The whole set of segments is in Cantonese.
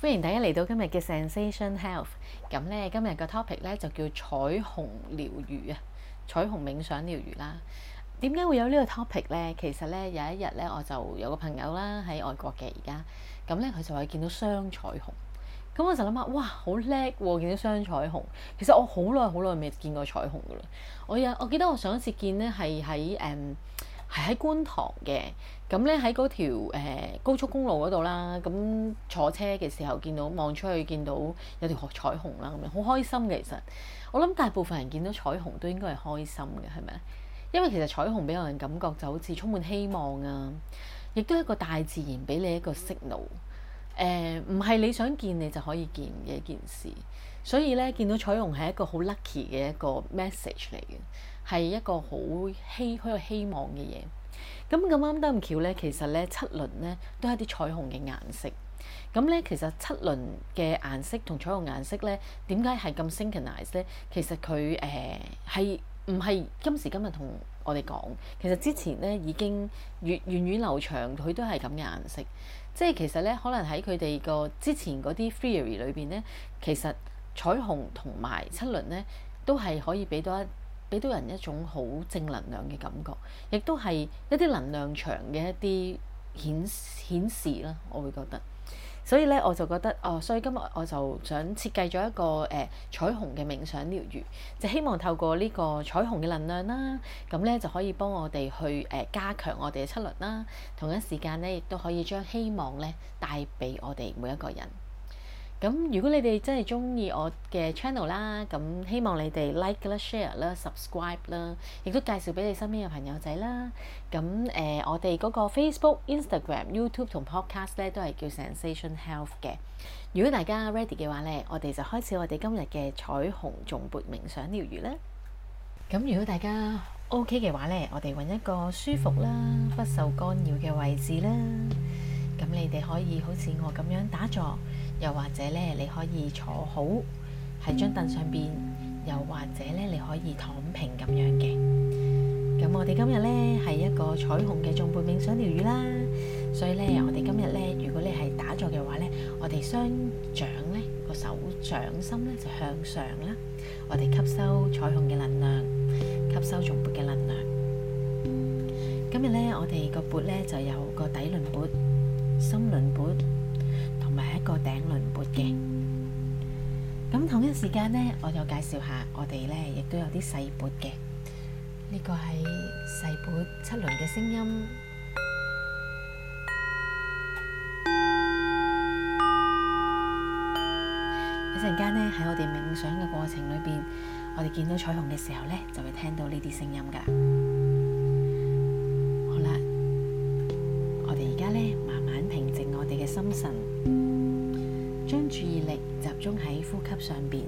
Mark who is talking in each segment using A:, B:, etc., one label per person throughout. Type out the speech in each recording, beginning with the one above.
A: 歡迎大家嚟到今日嘅 Sensation Health，咁咧今日嘅 topic 咧就叫彩虹療癒啊，彩虹冥想療癒啦。點解會有個呢個 topic 咧？其實咧有一日咧我就有個朋友啦喺外國嘅而家，咁咧佢就話見到雙彩虹，咁我就諗下，哇，好叻喎，見到雙彩虹。其實我好耐好耐未見過彩虹噶啦，我有我記得我上一次見咧係喺誒係喺觀塘嘅。咁咧喺嗰條、呃、高速公路嗰度啦，咁坐車嘅時候見到望出去見到有條學彩虹啦，咁樣好開心嘅。其實我諗大部分人見到彩虹都應該係開心嘅，係咪？因為其實彩虹俾我人感覺就好似充滿希望啊，亦都係一個大自然俾你一個 signal。呃，唔係你想見你就可以見嘅一件事，所以咧見到彩虹係一個好 lucky 嘅一個 message 嚟嘅，係一個好希好有希望嘅嘢。咁咁啱得咁巧咧，其實咧七輪咧都係啲彩虹嘅顏色。咁咧其實七輪嘅顏色同彩虹顏色咧，點解係咁 synchronized 咧？其實佢誒係唔係今時今日同我哋講？其實之前咧已經源遠，遠遠流長，佢都係咁嘅顏色。即係其實咧，可能喺佢哋個之前嗰啲 theory 裏邊咧，其實彩虹同埋七輪咧都係可以俾多一。俾到人一種好正能量嘅感覺，亦都係一啲能量場嘅一啲顯顯示啦，我會覺得。所以咧，我就覺得哦，所以今日我就想設計咗一個誒、呃、彩虹嘅冥想療癒，就是、希望透過呢個彩虹嘅能量啦，咁咧就可以幫我哋去誒、呃、加強我哋嘅七輪啦。同一時間咧，亦都可以將希望咧帶俾我哋每一個人。咁如果你哋真係中意我嘅 channel 啦，咁希望你哋 like 啦、share 啦、subscribe 啦，亦都介紹俾你身邊嘅朋友仔啦。咁誒、呃，我哋嗰個 Facebook、Instagram、YouTube 同 Podcast 咧都係叫 Zensation Health 嘅。如果大家 ready 嘅話咧，我哋就開始我哋今日嘅彩虹頌缽冥想療癒啦。咁如果大家 OK 嘅話咧，我哋揾一個舒服啦、不受干擾嘅位置啦。咁你哋可以好似我咁樣打坐。又或者咧，你可以坐好喺張凳上邊；又或者咧，你可以躺平咁樣嘅。咁我哋今日咧係一個彩虹嘅頌缽冥想療癒啦，所以咧，我哋今日咧，如果你係打坐嘅話咧，我哋雙掌咧個手掌心咧就向上啦，我哋吸收彩虹嘅能量，吸收頌缽嘅能量。今日咧，我哋個缽咧就有個底輪缽、心輪缽。個頂輪缽嘅，咁同一時間呢，我就介紹下我哋呢亦都有啲細缽嘅。呢、這個係細缽七輪嘅聲音。音一陣間呢，喺我哋冥想嘅過程裏邊，我哋見到彩虹嘅時候呢，就會聽到呢啲聲音噶。好啦，我哋而家呢，慢慢平靜我哋嘅心神。注意力集中喺呼吸上邊，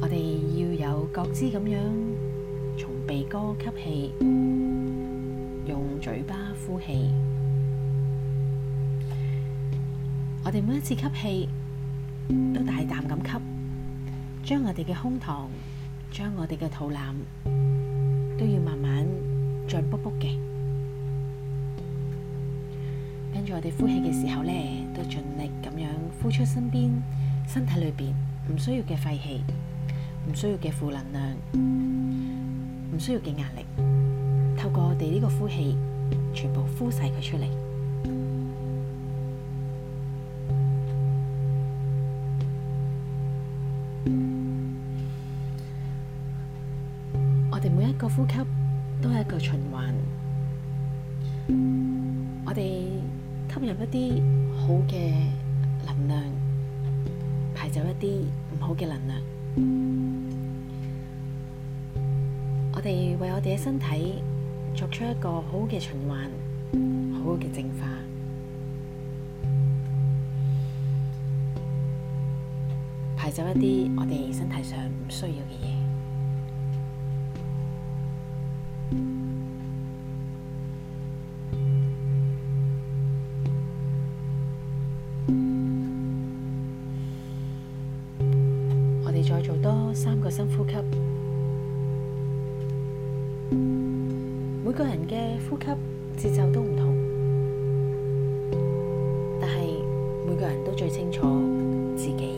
A: 我哋要有覺知咁樣，從鼻哥吸氣，用嘴巴呼氣。我哋每一次吸氣都大啖咁吸，將我哋嘅胸膛，將我哋嘅肚腩都要慢慢脹卜卜嘅。我哋呼氣嘅時候呢，都盡力咁樣呼出身邊、身體裏邊唔需要嘅廢氣、唔需要嘅負能量、唔需要嘅壓力，透過我哋呢個呼氣，全部呼晒佢出嚟。吸入一啲好嘅能量，排走一啲唔好嘅能量。我哋為我哋嘅身體作出一個好嘅循環，好嘅淨化，排走一啲我哋身體上唔需要嘅嘢。再做多三個深呼吸。每個人嘅呼吸節奏都唔同，但係每個人都最清楚自己。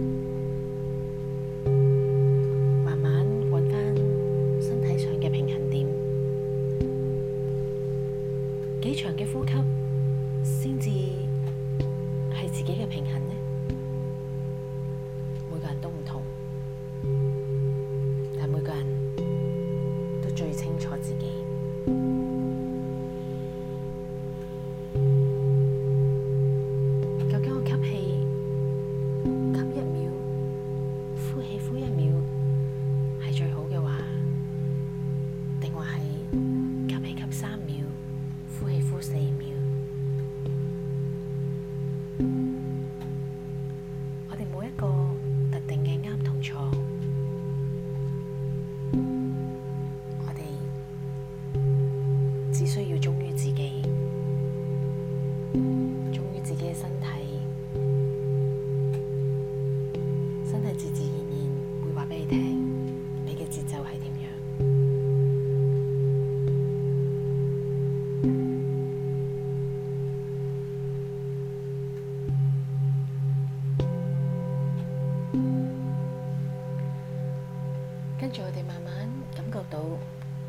A: 跟住我哋慢慢感覺到，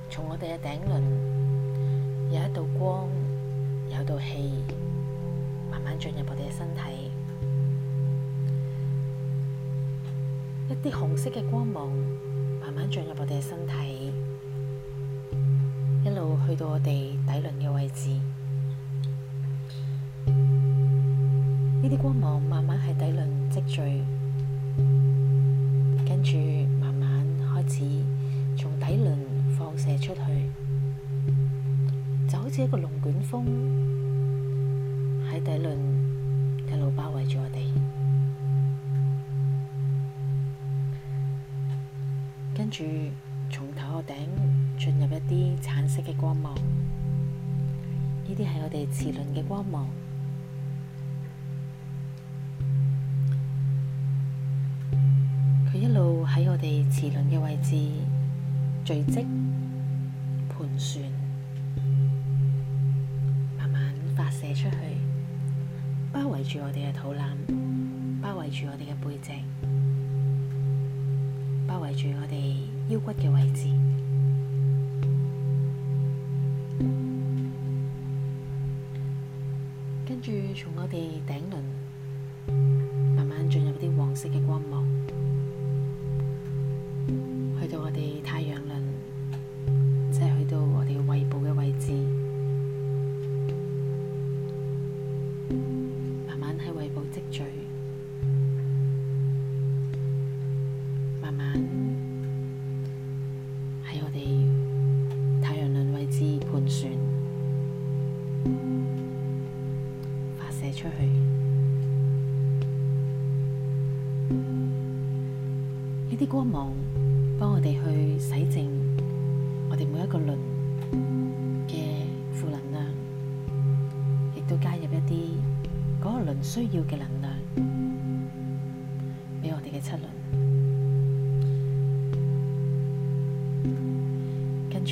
A: 從我哋嘅頂輪有一道光，有一道氣，慢慢進入我哋嘅身體。一啲紅色嘅光芒慢慢進入我哋嘅身體，一路去到我哋底輪嘅位置。呢啲光芒慢慢喺底輪積聚。一個龍捲風喺底輪一路包圍住我哋，跟住從頭殼頂進入一啲橙色嘅光芒，呢啲係我哋臍輪嘅光芒。佢一路喺我哋臍輪嘅位置聚積、盤旋。住我哋嘅肚腩，包圍住我哋嘅背脊，包圍住我哋腰骨嘅位置。跟住從我哋頂輪慢慢進入一啲黃色嘅光芒，去到我哋太陽。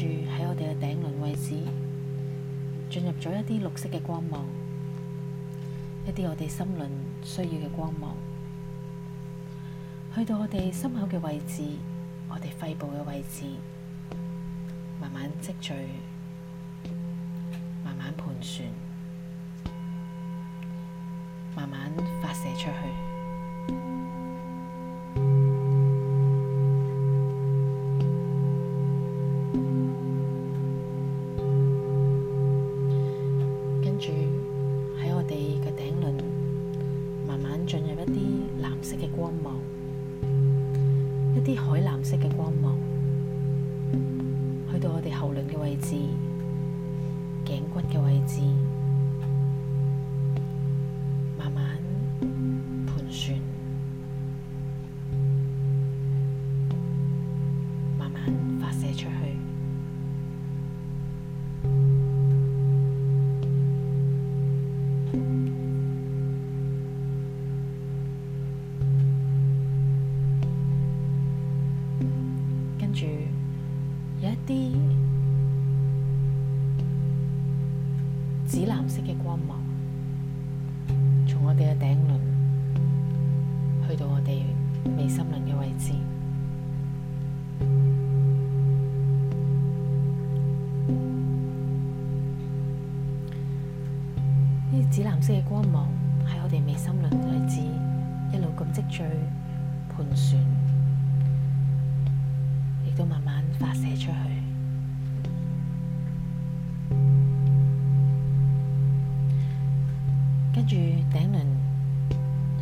A: 住喺我哋嘅頂輪位置，進入咗一啲綠色嘅光芒，一啲我哋心輪需要嘅光芒，去到我哋心口嘅位置，我哋肺部嘅位置，慢慢積聚，慢慢盤旋，慢慢發射出去。光芒，一啲海藍色嘅光芒，去到我哋喉輪嘅位置，頸骨嘅位置。啲紫藍色嘅光芒，從我哋嘅頂輪去到我哋眉心輪嘅位置。呢紫藍色嘅光芒喺我哋眉心輪嘅位置一路咁積聚盤旋。發射出去，跟住頂輪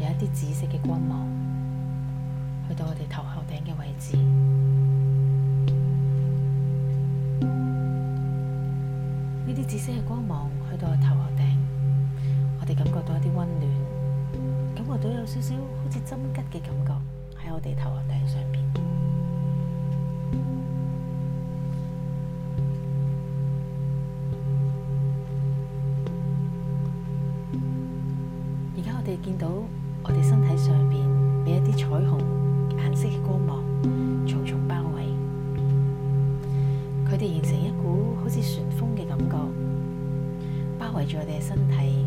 A: 有一啲紫色嘅光芒，去到我哋頭殼頂嘅位置。呢啲紫色嘅光芒去到我頭殼頂，我哋感覺到一啲溫暖，感覺到有少少好似針灸嘅感覺喺我哋頭殼頂上邊。我哋見到我哋身體上面俾一啲彩虹顏色嘅光芒重重包圍，佢哋形成一股好似旋風嘅感覺，包圍住我哋嘅身體，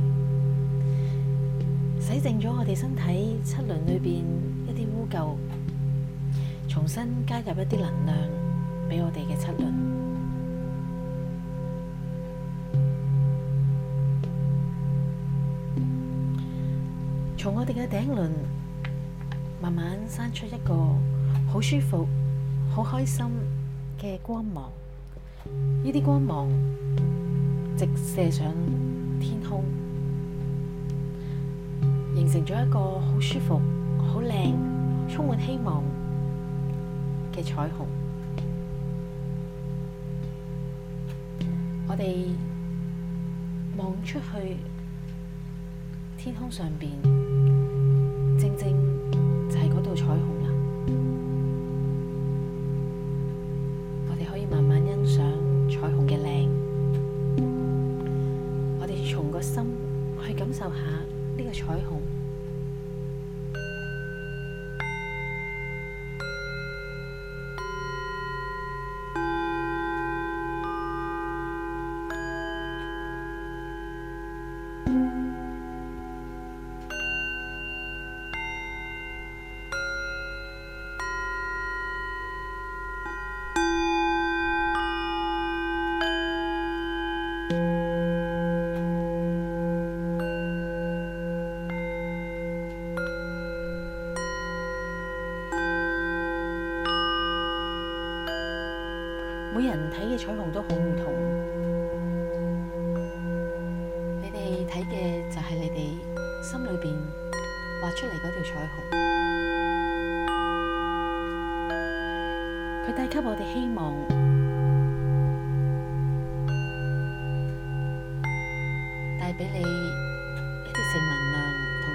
A: 洗淨咗我哋身體七輪裏面一啲污垢，重新加入一啲能量俾我哋嘅七輪。從我哋嘅頂輪慢慢生出一個好舒服、好開心嘅光芒，呢啲光芒直射上天空，形成咗一個好舒服、好靚、充滿希望嘅彩虹。我哋望出去天空上邊。正正就係嗰道彩虹啦，我哋可以慢慢欣賞彩虹嘅靚，我哋從個心去感受下呢個彩虹。每人睇嘅彩虹都好唔同，你哋睇嘅就係你哋心裏邊畫出嚟嗰條彩虹，佢帶給我哋希望，帶俾你一啲正能量同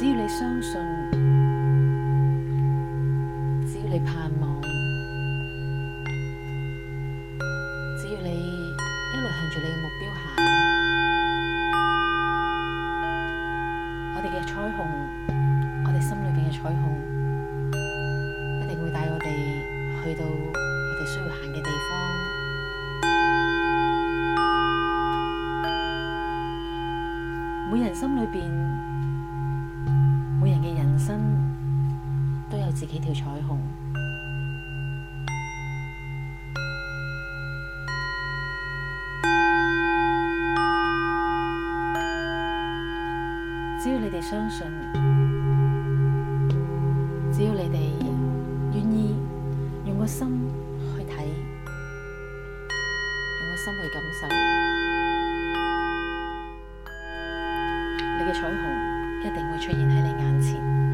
A: 喜悅，只要你相信。你盼望？只要你哋相信，只要你哋願意用個心去睇，用個心去感受，你嘅彩虹一定會出現喺你眼前。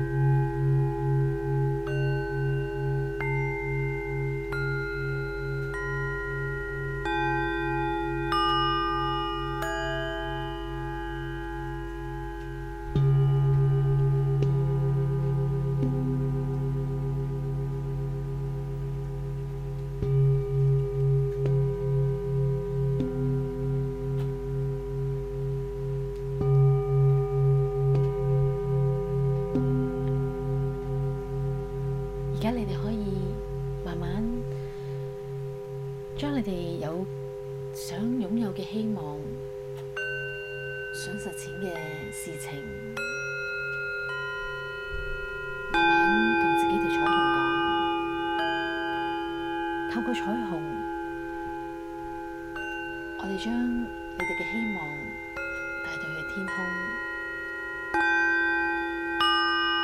A: 嘅希望，想實踐嘅事情，慢慢同自己條彩虹講。透過彩虹，我哋將你哋嘅希望帶到去天空，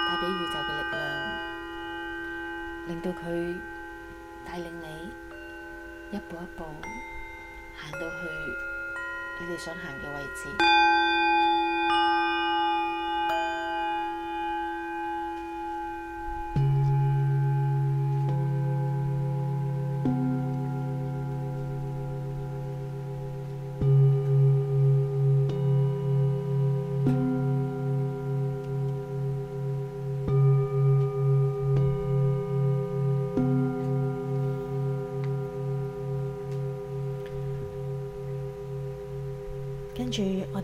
A: 帶俾宇宙嘅力量，令到佢帶領你一步一步。行到去你哋想行嘅位置。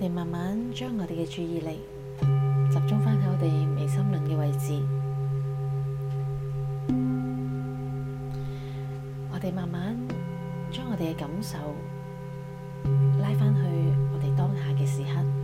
A: 我哋慢慢將我哋嘅注意力集中返喺我哋眉心輪嘅位置，我哋慢慢將我哋嘅感受拉返去我哋當下嘅時刻。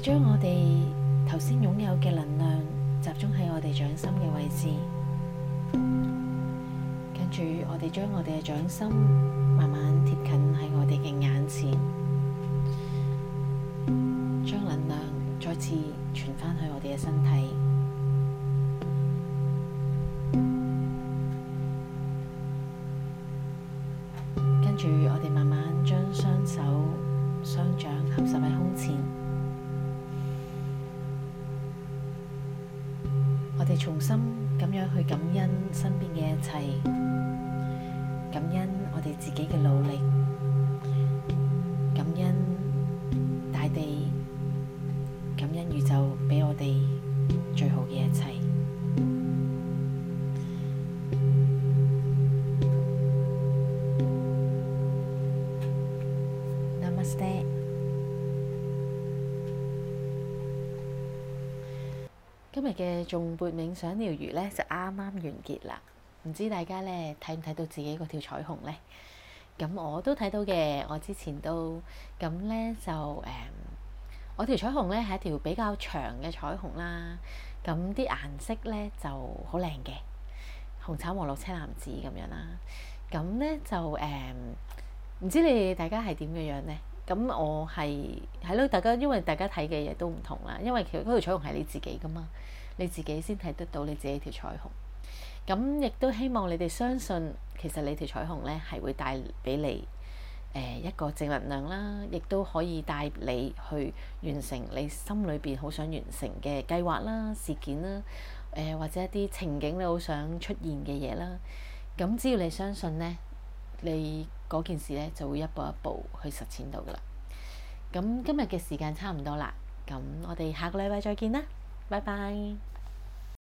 A: 將我哋頭先擁有嘅能量集中喺我哋掌心嘅位置，跟住我哋將我哋嘅掌心慢慢貼近喺我哋嘅眼前，將能量再次傳翻去我哋嘅身體，跟住我哋慢慢將雙手雙掌合十喺胸前。從心咁樣去感恩身邊嘅一切，感恩我哋自己嘅努力。今日嘅頌缽冥想療癒咧，就啱啱完結啦。唔知大家咧睇唔睇到自己嗰條彩虹咧？咁我都睇到嘅。我之前都咁咧就誒、嗯，我條彩虹咧係一條比較長嘅彩虹啦。咁啲顏色咧就好靚嘅，紅橙黃綠青藍紫咁樣啦。咁咧就誒，唔、嗯、知你大家係點嘅樣咧？咁我係係咯，大家因為大家睇嘅嘢都唔同啦，因為其實嗰條彩虹係你自己噶嘛，你自己先睇得到你自己條彩虹。咁亦都希望你哋相信，其實你條彩虹呢係會帶俾你、呃、一個正能量啦，亦都可以帶你去完成你心裏邊好想完成嘅計劃啦、事件啦、誒、呃、或者一啲情景你好想出現嘅嘢啦。咁只要你相信呢。你。嗰件事呢，就會一步一步去實踐到㗎喇。咁今日嘅時間差唔多啦，咁我哋下個禮拜再見啦，拜拜。